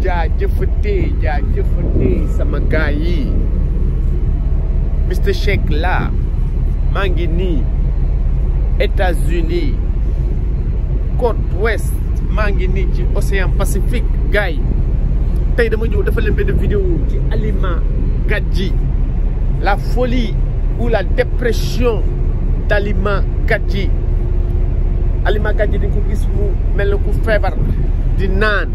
jaajëfatee jaajëfatee sama gaay yi Mister Shake la maa ngi nii États-Unis côte ouest maa ngi nii ci océan Pacifique gaay tey dama ñëw dafa leen benn vidéo ci Halima Gadji la foli ou la dépression d'Halima Gadji Halima Gadji di ko gis mu mel na ku feebar di naan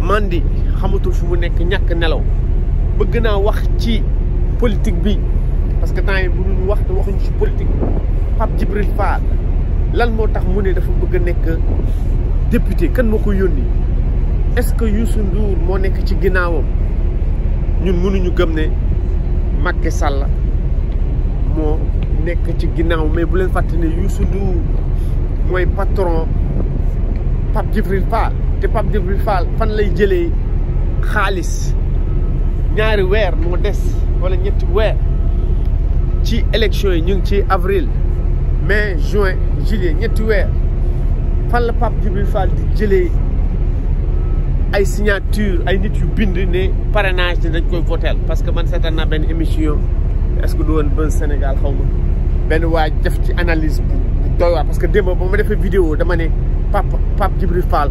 mandi xamatul fu mu nekk ñàkk nelaw bëgg naa wax ci politique bi parce que temps yi bu ñu wax te waxuñu ci politique Pape Djibril Fall lan moo tax mu ne dafa bëgg a nekk député kan moo ko yónni est-ce que Youssou Ndour moo nekk ci ginnaawam ñun mënuñu gëm ne Macky Sall moo nekk ci ginnaaw mais bu leen fàttali ne Youssou mooy patron Pape Djibril Fall te pap Djibril Fall fan lay jëlé khalis ñaari weer mo dess wala ñetti weer ci élection yi ñu ngi ci avril mai juin juillet ñetti weer fan pap Pape Djibril Fall di jëlé ay signature ay nit yu bind né parrainage dañ koy voter parce que man seetaan naa ben émission est-ce que du woon ben Sénégal xaw ben benn def ci analyse bu doy parce que demba bama défé vidéo dama né pap pap Djibril Fall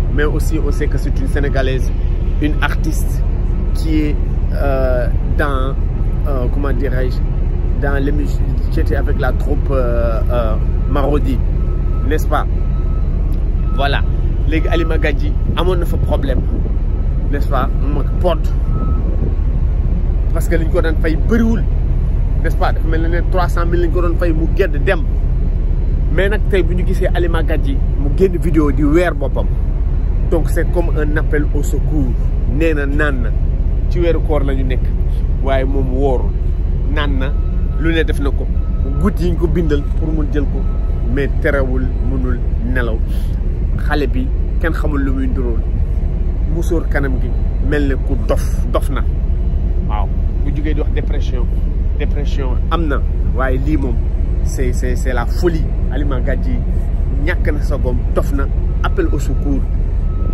mais aussi on sait que c'est une Sénégalaise, une artiste qui est euh, dans, euh, comment dirais-je, dans les était avec la troupe euh, Marodi, n'est-ce pas Voilà. Les Ali Magadji, à mon problème, n'est-ce pas porte parce que les gens ko brûler. n'est-ce pas Mais les 300 000 300000 la fait ko dem mais nag tey bu Ali gisee Alima Gadji mu génn vidéo di weer donc c'est comme un appel au secours Nena na naan na ci weeru koor la ñu nekk waaye moom Nana. L'une na lu ne ko guddi ko bindal pour mun jël ko mais terewul munul nelaw xale bi kenn xamul lu muy nduróol kanam gi mel ko ku dof Dofna. na waaw bu jugee di wax dépression dépression Amna. na waaye c'est c'est c'est la folie Alima Gadji ñàkk na sa gom appel au secours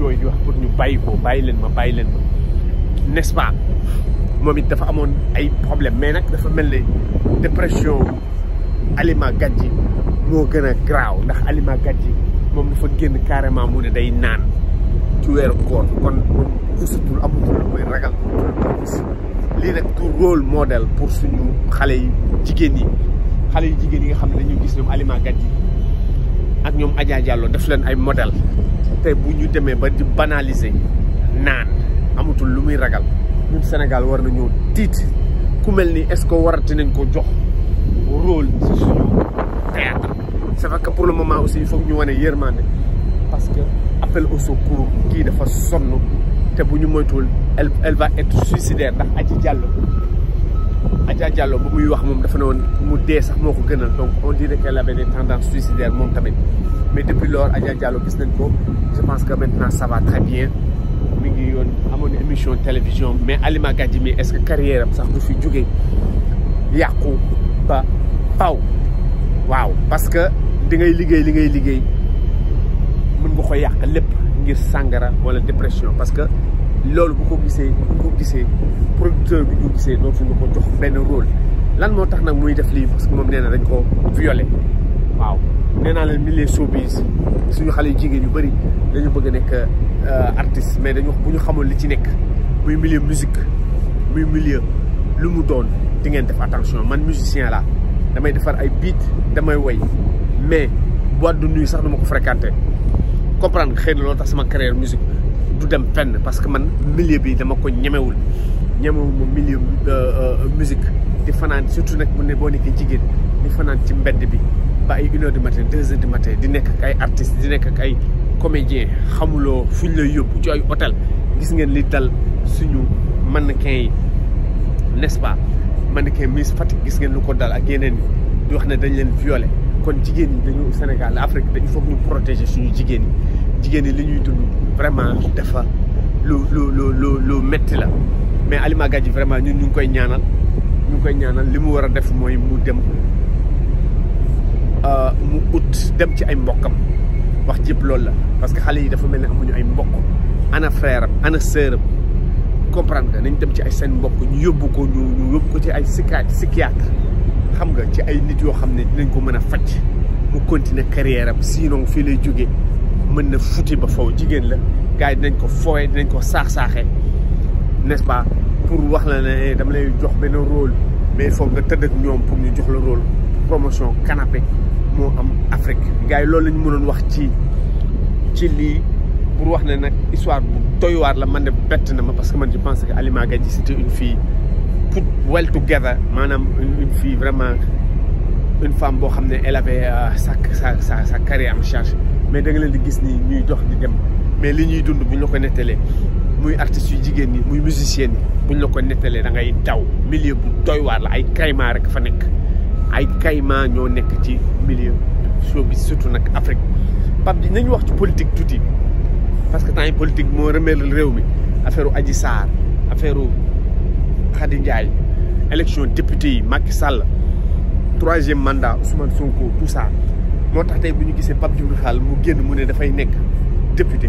yooyu di wax pour ñu bàyyi ko bàyyi leen ma bàyyi leen ma pas moom it dafa amoon ay problème mais nag dafa mel ne dépression Alima Gadji moo gën a graaw ndax Alima Gadji moom dafa génn carrément mu ne day naan ci weeru koor kon moom surtout amatul lu koy ragal lii nag pour rôle modèle pour suñu xale yu jigéen yi xale yu jigéen yi nga xam ne dañuy gis ñoom Alima Gadji ak ñoom Adja Diallo def leen ay modèle te bu ñu demee ba di banaliser naan amatul lu muy ragal ñun Sénégal war nañoo tiit ku mel ni est-ce que warati nañ ko jox rôle ci suñu théâtre c'est vrai que pour le moment aussi il faut ñu wane yërmande parce que appel au secours kii dafa sonn te bu ñu moytuwul elle elle va être suicidaire ndax Adji Diallo Adja Diallo ba muy wax mom dafa non mu dé sax moko gënal donc on dirait qu'elle avait des tendances suicidaires mom tamit mais depuis lors Adja Diallo gis nañ ko je pense que maintenant ça va très bien mi ngi yoon amoon émission télévision mais Halima Gadji mais est-ce que carrière sax du fi jóge yàqu ba faw waaw parce que di ngay liggéey li ngay liggéey mën nga ko yàq lepp ngir sangara wala dépression parce que loolu bu ko gisee bu ko gisee producteur bi ñu gisee dootuñu ko jox benn rôle lan moo tax nag muy def lii parce que moom nee na dañ ko violé waaw nee naa leen milieu showbiz suñu xale yu jigéen yu bëri dañu bëgg a nekk euh, artiste mais dañu bu ñu xamoon li ci nekk muy milieu musique muy milieu lu mu doon di ngeen def attention man musicien la damay defar ay biit damay woy mais boîte de nuit sax du ma ko fréquenté comprendre nga xëy na loolu tax sama carrière musique du dem fenn parce que man milieu bi dama ko ñemewul ñemewuma milieu euh, euh, musique di fanaan surtout nag mu ne boo nekkee jigéen di fanaan ci mbedd bi ba ay une de du matin deux heures du matin di nekk ak ay artistes di nekk ak ay comédien xamuloo ñu lay yóbbu ci ay hôtel gis ngeen li dal suñu man yi n'est-ce man mannequin Miss Fatick gis ngeen lu ko dal ak yeneen yi di wax ne dañ leen violé kon jigéen ñi dañu Sénégal Afrique dañu foog ñu protégé suñu jigéen ñi jigéen yi li ñuy dund vraiment dafa lu lu lu lu metti la mais Alima Gadji vraiment ñun ñu ngi koy ñaanal ñu ngi koy ñaanal li mu war a def mooy mu dem euh, mu ut dem ci ay mbokkam wax jëpp loolu la parce que xale yi dafa mel ne amuñu ay mbokk ana frère am ana sœur am comprendre nga nañ dem ci ay seen mbokk ñu yóbbu ko ñu ñu yóbbu ko ci ay psychiatre xam nga ci ay nit yoo xam ne dinañ ko mën a faj mu continuer carrière am sinon fii lay jógee mën na futi ba faw jigéen la gars yi dinañ ko fooye dinañ ko saax-saaxee n'est-ce pas pour wax la ne eh, dama lay jox benn rôle mais il faut nga tëdd ak ñoom pour ñu jox le rôle promotion canapé moo am Afrique gars yi loolu la ñu wax ci ci pour wax là nag histoire bu doy waar la man de bett na ma parce que man je pense que Halima Gadji c'était une fille put well together maanaam une fille vraiment une femme boo xam elle avait euh, sa sa sa sa carrière en charge mais da nga leen di gis ni ñuy dox di dem mais les ñuy dund bu ñu la ko muy artistes yu jigéen ñi muy musiciens bu buñ la ko nettalee da ngay daw milieu bu doy waar la ay kayma rek fa nekk ay kayma ñoo nekk ci milieu show surtout nag Afrique Pape bi nañu wax ci politique tuuti parce que temps yi politique moo remél réew mi affaire aji Adji Sarr affaire u Khady Ndiaye élection député yi Macky Sall troisième mandat Ousmane Sonko tout moo tax tey bu ñu gisee Pape Djibril Fall mu génn mu ne dafay nekk député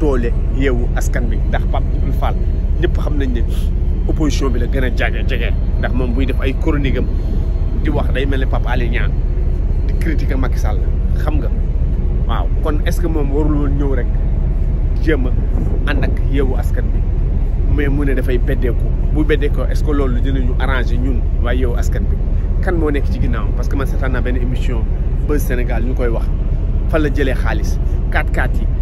doole yeewu askan bi ndax Pape Djibril Fall ñëpp xam nañ ne opposition bi la gën a jage jege ndax moom buy def ay chronique di wax day mel ne Pape Alé Niang di critiquer Macky Sall xam nga waaw kon est-ce que moom warul woon ñëw rek jéem a ànd ak yeewu askan bi mais mu ne dafay beddeeku bu beddeekoo est-ce que loolu dinañu arranger ñun waaye yeewu askan bi kan moo nekk ci ginnaaw parce que man seetaan naa benn émission Buzz Sénégal ñu koy wax fan la jëlee xaalis 4 x yi.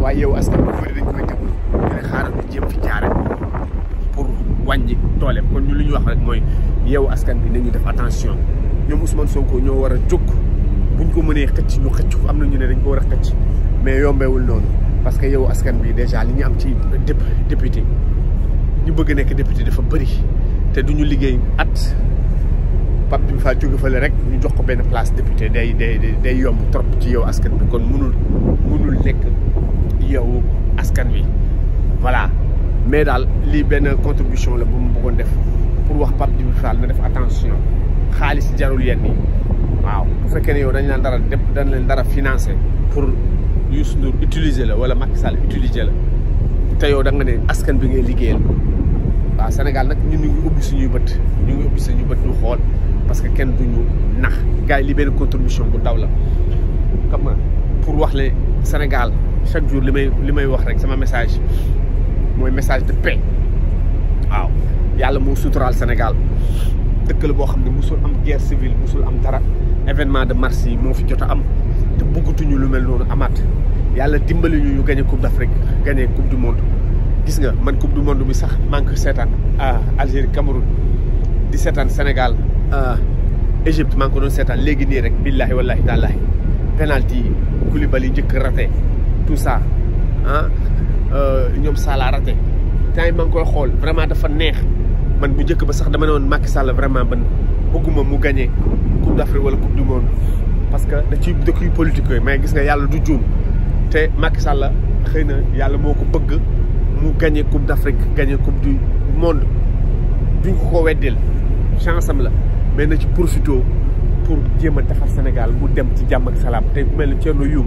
waaye yow askan bi bëri dañ koy teg ne xaaral ñu jéem fi jaare pour wàññi dooleem kon ñu li ñu wax rek mooy yow askan bi nañu def attention ñoom Ousmane Sonko ñoo war a jóg buñ ko mënee xëcc ñu xëcc am na ñu ne dañ ko war a mais yombewul noonu parce que yow askan bi déjà li am ci député ñu bëgg nekk député dafa bëri te du ñu liggéey at Pape bi faa jóge fële rek ñu jox ko benn place député day day day yomb trop ci yow askan bi kon munul munul nekk yeewu askan wi voilà mais daal lii benn contribution la bu mu bëggoon def pour wax Pape Djibril Fall na def attention xaalis jarul yenn yi waaw bu fekkee ne yow dañ leen dara def dañ leen dara financé pour Youssou suñu utiliser la wala Macky Sall utiliser la te yow da nga ne askan bi ngay liggéeyal waaw Sénégal nag ñun ñu ngi ubbi suñuy bët ñu ngi bët ñu xool parce que kenn duñu nax gars yi li benn contribution bu ndaw la xam nga pour wax le Sénégal chaque jour li may li may wax rek sama message mooy message de paix waaw yàlla moo suturaal Sénégal dëkk la boo xam ne musul am guerre civile musul am dara événement de mars yi moo fi jot a am te bëggatuñu lu mel noonu amaat yàlla dimbali ñu ñu gagné coupe d'Afrique gagné coupe du monde gis nga man coupe du monde bi sax maa ko seetaan Algérie Cameroun di seetaan Sénégal Égypte maa ko doon seetaan léegi nii rek billahi wallahi taalaahi penalti yi Koulibaly njëkk raté tout ça ah euh, ñoom Sall raté temps yi koy xool vraiment dafa neex man bu njëkk ba sax dama ne woon Macky Sall vraiment man bëgguma mu gañee coupe d'Afrique wala coupe du monde parce que da ciy da ciy politique mais gis nga yàlla du juum te Macky Sall xëy na yàlla moo ko bëgg mu gagné coupe d'Afrique gagné coupe du monde duñ ko ko weddeel chance am la mais na ci profité pour jéem a taxal Sénégal mu dem ci jàmm ak salaam te ku mel ni Thierno Youm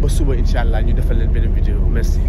ba suba incha allah ñu defal leen beneen vidéo merci